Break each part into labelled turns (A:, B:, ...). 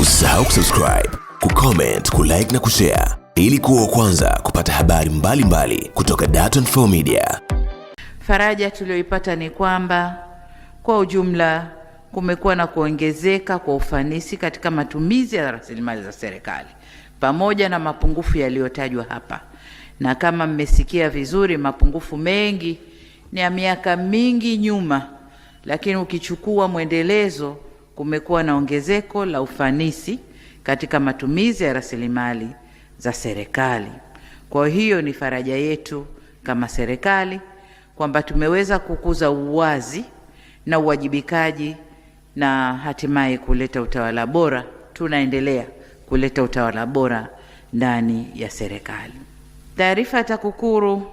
A: Usisahau kusubscribe, kucomment, kulike na kushare ili kuwa kwanza kupata habari mbalimbali mbali kutoka Dar24 Media.
B: Faraja tuliyoipata ni kwamba kwa ujumla kumekuwa na kuongezeka kwa ufanisi katika matumizi ya rasilimali za serikali pamoja na mapungufu yaliyotajwa hapa, na kama mmesikia vizuri, mapungufu mengi ni ya miaka mingi nyuma, lakini ukichukua mwendelezo kumekuwa na ongezeko la ufanisi katika matumizi ya rasilimali za serikali. Kwa hiyo ni faraja yetu kama serikali kwamba tumeweza kukuza uwazi na uwajibikaji na hatimaye kuleta utawala bora. Tunaendelea kuleta utawala bora ndani ya serikali. Taarifa ya TAKUKURU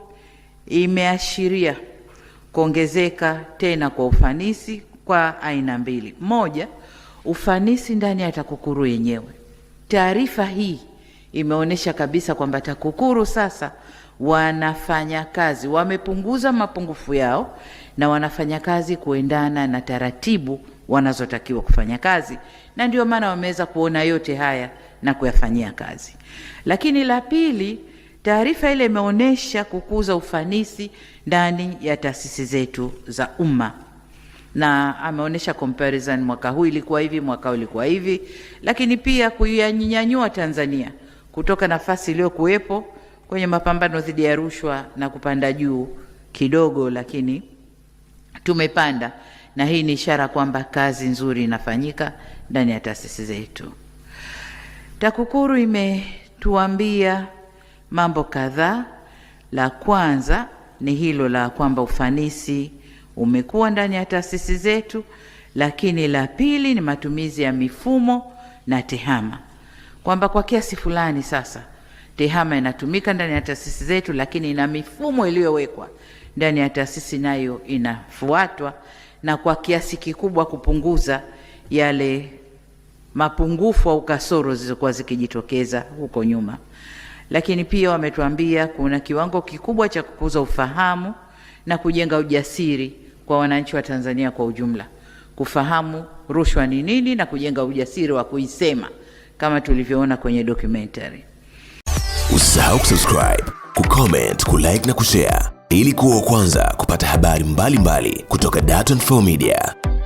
B: imeashiria kuongezeka tena kwa ufanisi kwa aina mbili. Moja, ufanisi ndani ya TAKUKURU yenyewe. Taarifa hii imeonyesha kabisa kwamba TAKUKURU sasa wanafanya kazi, wamepunguza mapungufu yao na wanafanya kazi kuendana na taratibu wanazotakiwa kufanya kazi, na ndio maana wameweza kuona yote haya na kuyafanyia kazi. Lakini la pili, taarifa ile imeonyesha kukuza ufanisi ndani ya taasisi zetu za umma na ameonyesha comparison, mwaka huu ilikuwa hivi, mwaka huu ilikuwa hivi, lakini pia kuyanyanyua Tanzania kutoka nafasi iliyokuwepo kwenye mapambano dhidi ya rushwa na kupanda juu kidogo, lakini tumepanda, na hii ni ishara kwamba kazi nzuri inafanyika ndani ya taasisi zetu. TAKUKURU imetuambia mambo kadhaa. La kwanza ni hilo la kwamba ufanisi umekuwa ndani ya taasisi zetu, lakini la pili ni matumizi ya mifumo na tehama, kwamba kwa kiasi fulani sasa tehama inatumika ndani ya taasisi zetu, lakini na mifumo iliyowekwa ndani ya taasisi nayo inafuatwa, na kwa kiasi kikubwa kupunguza yale mapungufu au kasoro zilizokuwa zikijitokeza huko nyuma. Lakini pia wametuambia kuna kiwango kikubwa cha kukuza ufahamu na kujenga ujasiri kwa wananchi wa Tanzania kwa ujumla kufahamu rushwa ni nini na kujenga ujasiri wa kuisema kama tulivyoona kwenye documentary.
A: Usisahau kusubscribe, kucomment, kulike na kushare ili kuwa wa kwanza kupata habari mbalimbali mbali kutoka Dar24 Media.